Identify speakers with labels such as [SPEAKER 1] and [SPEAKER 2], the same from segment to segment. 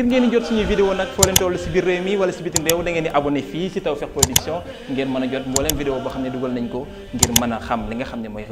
[SPEAKER 1] ngir ngeen di jot suñuy vidéo nag foo leen toll si biir réew mi wala si bitim réew da ngeen di abonné fii si Tawfekh Production ngeen mën a jot mbooleem vidéo boo xam ne dugal nañ ko ngir mën a xam li nga xam ne mooy.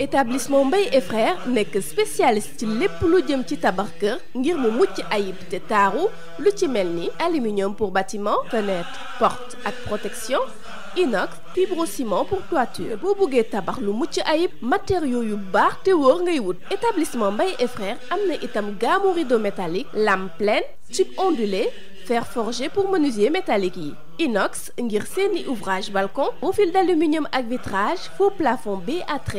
[SPEAKER 1] établissement Mbaye et frères nekk spécialiste ci lépp lu jëm ci tabax kër ngir mu mucc ayib te taaru lu ci mel ni aluminium pour bâtiment fenêtre porte ak protection. inox fibrociment pour toiture boo buggee tabax lu mucc ayib matériaux yu baax te wóor ngay wut. établissement mbay et am na itam gamme rideau métallique lame pleine tube ondulé fer forgé pour menuisier métallique yi. inox ngir seeni ouvrage balcon profil d'aluminium ak vitrage faux plafond BA13.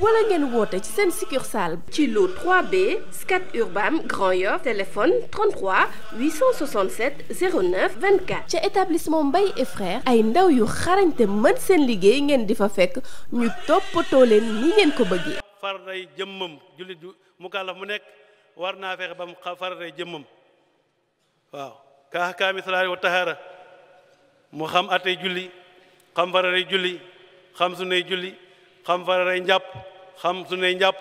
[SPEAKER 1] wala ngeen woote ci seen succursale ci lu 3B Scat Urbam Grand Yoff téléphone ca établissement Mbaye et ay ndaw yu xarañte mën seen liggéey ngeen di fa fekk ñu toppatoo leen ngeen ko bëggee
[SPEAKER 2] fararay jëmmam jullit mu kàllaf mu nekk war naa fexe ba mu fararay jëmmam waaw ka mu xam atay julli xam fararay julli xam sunnay julli xam fararay njàpp xam su sunnay njàpp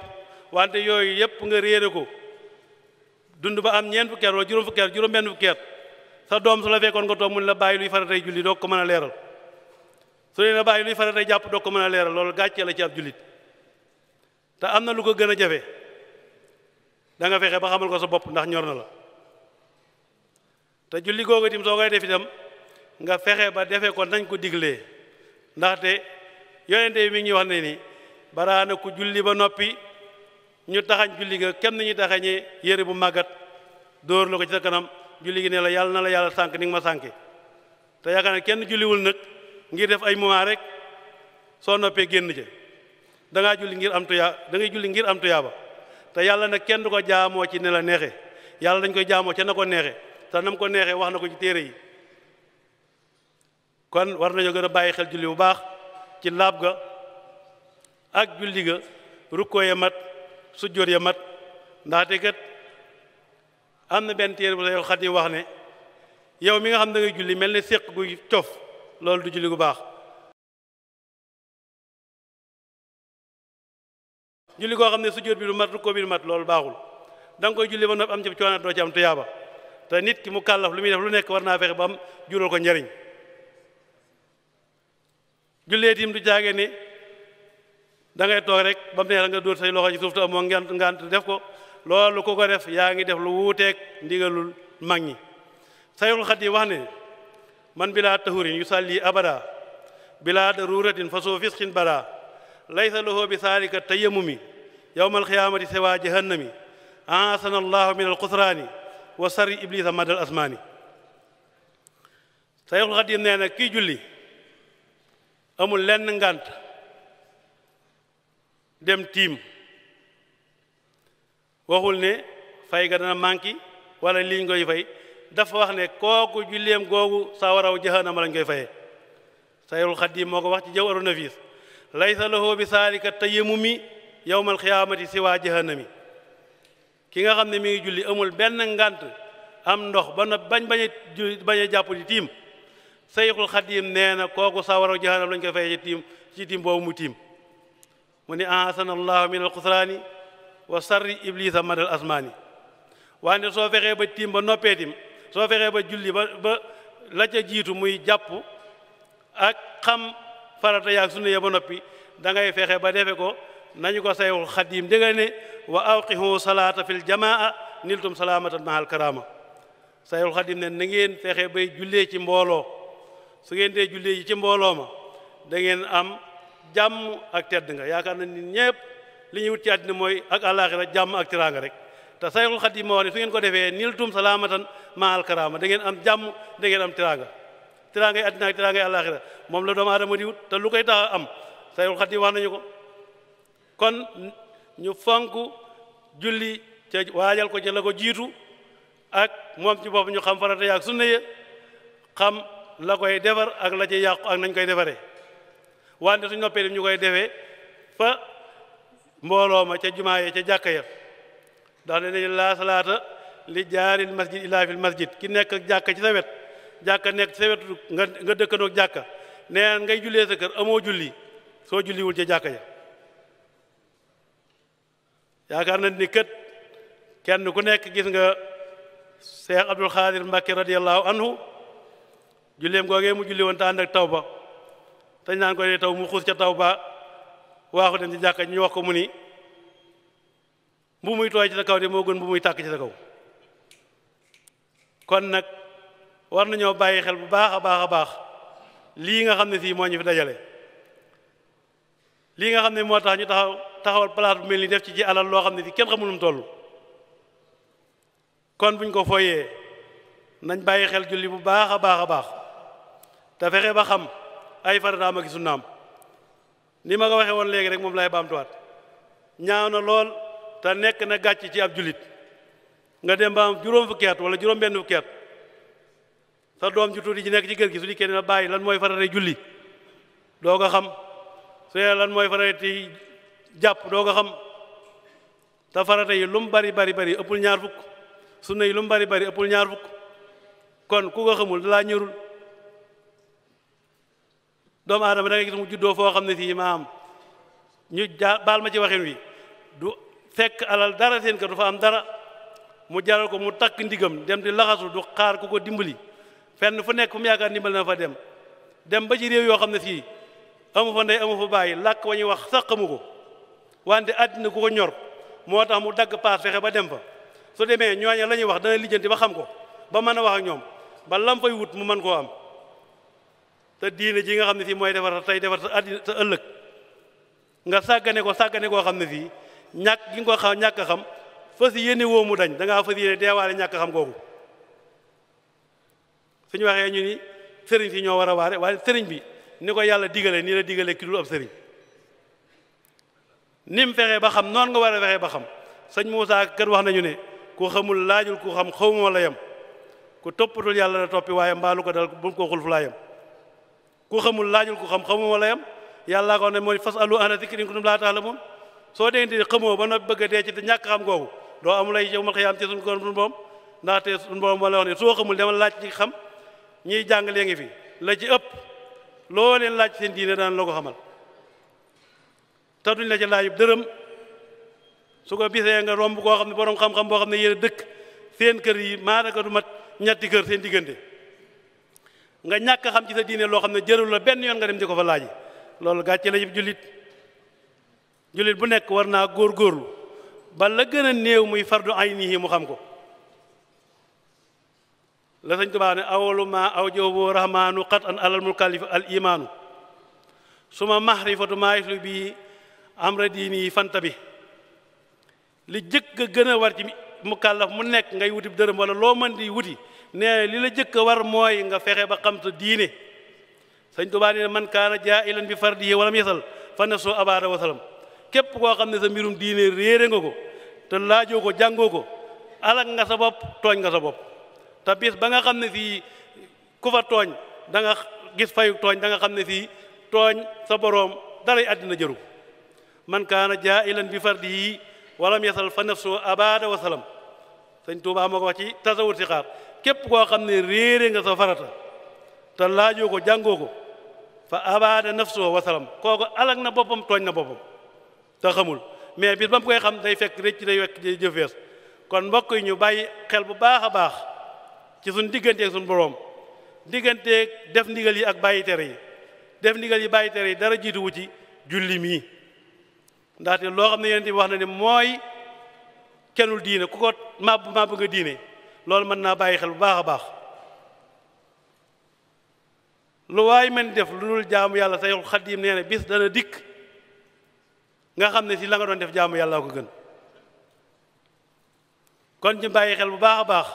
[SPEAKER 2] wante yooyu yëpp nga réere ko dund ba am ñeen fukki at wala juróom fukki at juróom benn fukki sa doom su la fekkoon nga toog mun la bàyyi luy faratay julli doo ko mën a leeral su leen la bàyyi luy faratay jàpp doo ko mën a loolu gàccee la ci jullit te am na lu ko gën a jafe da fexe ba xamal ko sa bopp ndax ñor na la te julli googu itam soo koy def itam nga fexe ba defee ko nañ ko digle ndaxte yonente bi mi ngi wax ne ni baraana ku julli ba noppi ñu taxañ julli nga kenn ñu taxañee yére bu màggat dóor la ko ci sa kanam julli gi ne la yàlla na la yàlla sànk ni ma sànke te yaakaar ne kenn julliwul nag ngir def ay moment rek soo noppee génn ja da julli ngir am tuyaa da ngay julli ngir am ba te yàlla nag kenn du ko jaamoo ci ne la neexe yàlla dañ koy jaamoo ca na ko neexe te nam ko neexe wax na ko ci téere yi kon war nañoo gën a bàyyi xel julli bu baax ci laab ga ak julli ga rukkoo ya mat sujjóot ya mat ndaxte kat am na benn téere bu la yow wax ne yow mi nga xam da ngay julli mel ne séq gu cof loolu du julli gu baax julli koo xam ne sujjóot bi du mat rukkoo bi du mat loolu baaxul da nga koy julli ba noppi am ci coono doo ci am tuyaaba te nit ki mu kàllaf lu muy def lu nekk war naa fexe ba am jural ko njariñ julleet yim du jaage ni da toog rek ba mu nga dóor say loxo ci suuf te amoo ngant ngant def ko loolu ku ko def yaa ngi def lu wuuteeg ndigalul mag ñi sayul xat yi wax ne man bilaa tahurin yu salli abada bilaa daruratin fa soo fisqin bara laysa lahu bi saalika tayamumi yowma alxiyaamati siwa jahannami aasana allahu min alxusraani wa sari iblisa madal asmaani sayul xat yi kii julli amul lenn ngànt dem tiim waxul ne fay ga dana manki wala lii ngoy fay dafa wax ne kooku julleem googu sawaraw jahannama lañ koy fayee sayrul xaddiim moo ko wax ci jawharu nafiis laysa lahu bi saalika tayammumi yowmal xiyaamati si waa jahannami ki nga xam ne mi ngi julli amul benn ngànt am ndox ba na bañ bañ a jàpp di tiim sayxul xadim nee na kooku sawara jahanam lañ ko fay ci tiim ci tiim mu tiim mu ni ahsana allahu min alxusraani wa sarri iblisa madal asmaani wante soo fexee ba tiim ba noppee tim soo fexee ba julli ba ba ca jiitu muy jàpp ak xam farata yaag sunna ya ba noppi dangay fexe ba defe ko nañu ko sayxul xadim dëgga ne wa awqihu salaata fil jamaa niltum salaamatan mahal karama sayxul xadim ne na fexe bay jullee ci mbooloo su ngeen dee jullee ji ci mbooloo ma da ngeen am jàmm ak tedd nga yaakaar na nit ñëpp li ñuy wut ci àddina mooy ak àllaaxira jàmm ak tiraanga rek te sayxul xadim moo ne su ngeen ko defee niltum salaamatan maal karaama da ngeen am jàmm da ngeen am tiraanga tiraangay àddina ak tiraangay àllaaxira moom la doomu aadama di wut te lu koy tax am sayxul xadim wax nañu ko kon ñu fonk julli ca waajal ko ca ko jiitu ak moom ci bopp ñu xam farata la koy defar ak la ci yàqu ak nañ koy defaree wante suñ noppee dem ñu koy defee fa mbooloo ma ca jumaa ye ca jàkka ya ndax ne nañ laa salaata li jaaril masjid illaa fil masjid ki nekk jàkka ci sa wet jàkka nekk ci sa wet nga nga jàkka nee ngay jullee sa kër amoo julli soo julliwul ca jàkka ya yaakaar na ni kët kenn ku nekk gis nga Cheikh Abdul Xaadir Mbàkke radiyallahu anhu julleem googee mu julli woon te ànd ak taw ba dañ naan ko dee taw mu xuus ca taw ba waaxu dem ci jàkka ñu wax ko mu ni bu tooy ci sa kaw de moo gën bu muy tàkk ci sa kaw kon nag war nañoo bàyyi xel bu baax a baax a baax lii nga xam ne sii moo ñu dajale lii nga xam ne moo tax ñu taxaw taxawal place mel ni def ci ji alal loo xam ne si kenn xamul nu mu toll kon buñ ko foyee nañ bàyyi xel julli bu baax a baax a baax te fexe ba xam ay farataam ak naam ni ma ko waxee woon léegi rek moom lay baamtuwaat ñaaw na lool te nekk na gàcc ci ab julit nga dem baam juróom fukki at wala juróom benn fukki at sa doom ju tuuti ji nekk ci kër gi su dikkee na bàyyi lan mooy faratay julli doo ko xam su lan mooy faratay jàpp doo ko xam te farata yi lu mu bari bari bari ëppul ñaar fukk sunna yi lu bari bari ëppul ñaar fukk kon ku ko xamul dalaa ñërul doomu aadama da ngay gis mu juddoo foo xam ne sii maam ñu jaar baal ma ci waxin wi du fekk alal dara seen kër du fa am dara mu jaral ko mu takk ndigam dem di laxasu du xaar ku ko dimbali fenn fu nekk fu mu yaakaar ndimbali na fa dem dem ba ci réew yoo xam ne sii amu fa ndey amu fa bàyyi làkk wa ñuy wax sax xamu ko wante àddina ku ko ñor moo tax mu dagg paas fexe ba dem fa su demee ñooña la ñu wax dana lijjanti ba xam ko ba mën a wax ak ñoom ba lampay fay wut mu mën koo am te diine ji nga xam ne sii mooy defar tey defar sa àddina sa ëllëg nga sàggane ko sàggane koo xam ne fii ñàkk gi ko xam ñàkk xam foo si woo mu dañ danga ngaa fas yéene deewaale ñàkk xam googu suñu waxee ñu ni sëriñ si ñoo war a waare waaye sëriñ bi ni ko yàlla digale nii la digale ki dul ab sëriñ ni mu ba xam noonu nga war a fexee ba xam sañ Moussa kër wax nañu ne ku xamul laajul ku xam xawma la yem ku toppatul yàlla la toppi waaye mbaalu ko dal bu mu ko xul ku xamul laajul ku xam xamuma layam yàllaa ko ne mooy fas alu ana zikri in kuntum laa ta'lamuun soo deente xamoo ba na bëgg dee ci ñàkk xam googu doo am lay yow ma xiyaam ci suñu borom boom ndaxte moo la soo xamul dama laaj ci xam ñiy jàng lee fi la ci ëpp loo leen laaj seen diine daan la ko xamal te duñ la ci laajub dërëm su ko bisee nga romb koo xam ne borom xam-xam boo xam ne yéen a dëkk seen kër yi maanaka du mat ñetti kër seen diggante nga ñàkk xam ci sa diine loo xam ne jërul la benn yoon nga dem di ko fa laaji loolu gàcce la yëpp jullit jullit bu nekk war naa góor ba la gën a néew muy fardu ay nii mu xam ko la Sëñ Tuubaa ne awalu ma aw joobu rahmaanu xat an alal mukallif al imaanu suma mahrifatu maayislu bi amra diini fanta bi li jëkk a gën a war ci mukallaf mu nekk ngay wuti dërëm wala loo mën di wuti ne li la jëkk a war mooy nga fexe ba xam sa diine sëñ Tuubaa nee man kaana jaahilan bi far di yasal fa nasu abada képp koo xam ne sa mbirum diine réere nga ko te laajoo ko jàngoo ko alak nga sa bopp tooñ nga sa bopp te bis ba nga xam ne fii ku fa tooñ da gis fayu tooñ da nga xam ne fii tooñ sa boroom dalay àddina jëru man kaana jaahilan bi fardihi walam yasal fa nafsu abada wasalam sëñ Tuubaa moo ko wax ci tasawur si xaar képp koo xam ne réere nga soo farata te laajoo ko jàngoo ko fa abaada nafsoo wasalam kooku alag na boppam tooñ na boppam te xamul mais bis ba mu koy xam day fekk rëcc day wekk day jëfees kon mbokk ñu bàyyi xel bu baax a baax ci suñ digganteeg suñ boroom digganteeg def ndigal yi ak bàyyi tere yi def ndigal yi bàyyi tere yi dara jiituwu ci julli mii ndaxte loo xam ne yonent bi wax na ne mooy kenul diine ku ko bu màbb màbb nga diine loolu mën naa bàyyi xel bu baax a baax lu waay mën def lu dul jaamu yàlla Seexul Xadiim nee na bis dana dikk nga xam ne si la nga doon def jaamu yàlla ko gën kon ñu bàyyi xel bu baax a baax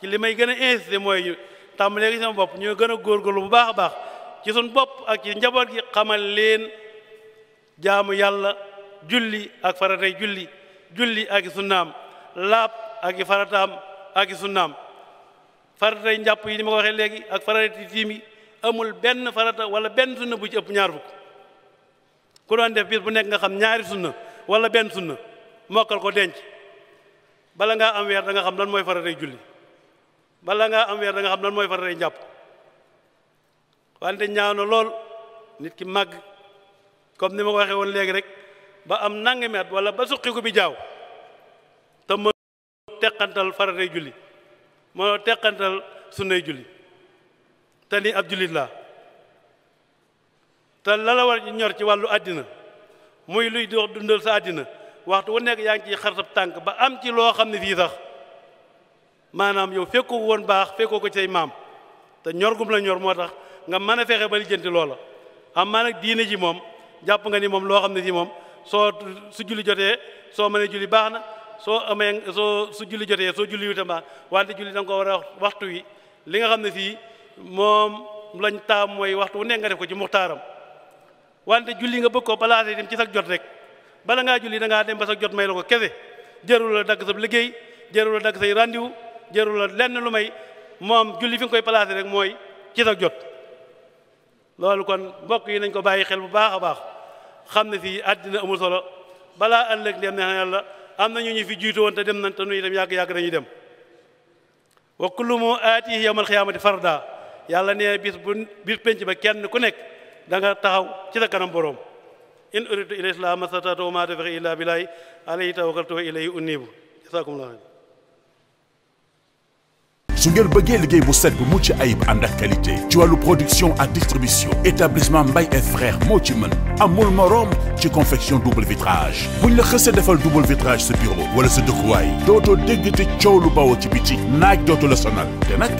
[SPEAKER 2] ci li may gën a insisté mooy ñu tàmbalee gi sama bopp ñu gën a góorgóorlu bu baax a baax ci suñ bopp ak ci njaboot gi xamal leen jaamu yàlla julli ak faratay julli julli ak sunnaam laab ak farataam ak i sunnaam faratay njàpp yi ni ma ko waxee léegi ak faratay tiim yi amul benn farata wala benn sunna bu ci ëpp ñaar fukk ku doon def bis bu nekk nga xam ñaari sunna wala benn sunna mokkal ko denc bala ngaa am weer da nga xam lan mooy faratay julli bala ngaa am weer da nga xam lan mooy faratay njàpp wante ñaano lool nit ki màgg comme ni ma ko waxee woon léegi rek ba am nangami at wala ba suqi ko bi jaaw teqantal faratay julli mënoo teqantal sunnay julli te ni ab jullit laa te la la war ñor ci wàllu àddina muy luy dox dundal sa àddina waxtu wu nekk yaa ngi ciy xarsab tànk ba am ci loo xam ne fii sax maanaam yow fekkoo woon baax fekkoo ko ci say maam te ñor la ñor moo tax nga mën a fexe ba lijjanti loola am maa nag diine ji moom jàpp nga ni moom loo xam ne si moom soo su julli jotee soo julli baax na soo amee soo su julli jotee soo julli wutama wante julli da ko war a waxtu wi li nga xam ne fii moom lañ taam mooy waxtu wu nekk nga def ko ci muxtaaram wante julli nga bëgg ko balaasee dem ci sag jot rek bala ngaa julli da ngaa dem ba sag jot may la ko kese jarul la dagg sa liggéey jarul la dagg say rendez jërul jarul lenn lu may moom julli fi koy placé rek mooy ci sag jot loolu kon mbokk yi nañ ko bàyyi xel bu baax a baax xam ne fii àddina amul solo balaa ëllëg dem ne am na ñu ñu fi jiitu woon te dem nañ te nuy dem yàgg-yàgg nañuy dem wa kullu mu aatihi yawmal xiyaamati da yàlla nee bis bu bis penc ba kenn ku nekk da nga taxaw ci sa kanam boroom in uridu ila islam masatatu wa ma tawfiqi illa billahi alayhi tawakkaltu wa ilayhi unibu jazakumullahu su ngeen bëggee liggéey bu set bu mucc ayib ànd ak qualité ci wàllu production ak distribution établissement Mbaye et frères moo ci mën amul morom ci confection double vitrage buñ la xësee defal double vitrage sa bureau wala sa dëkkuwaay dootoo dégg te coow lu bawoo ci biti naaj dootu la sonal te nag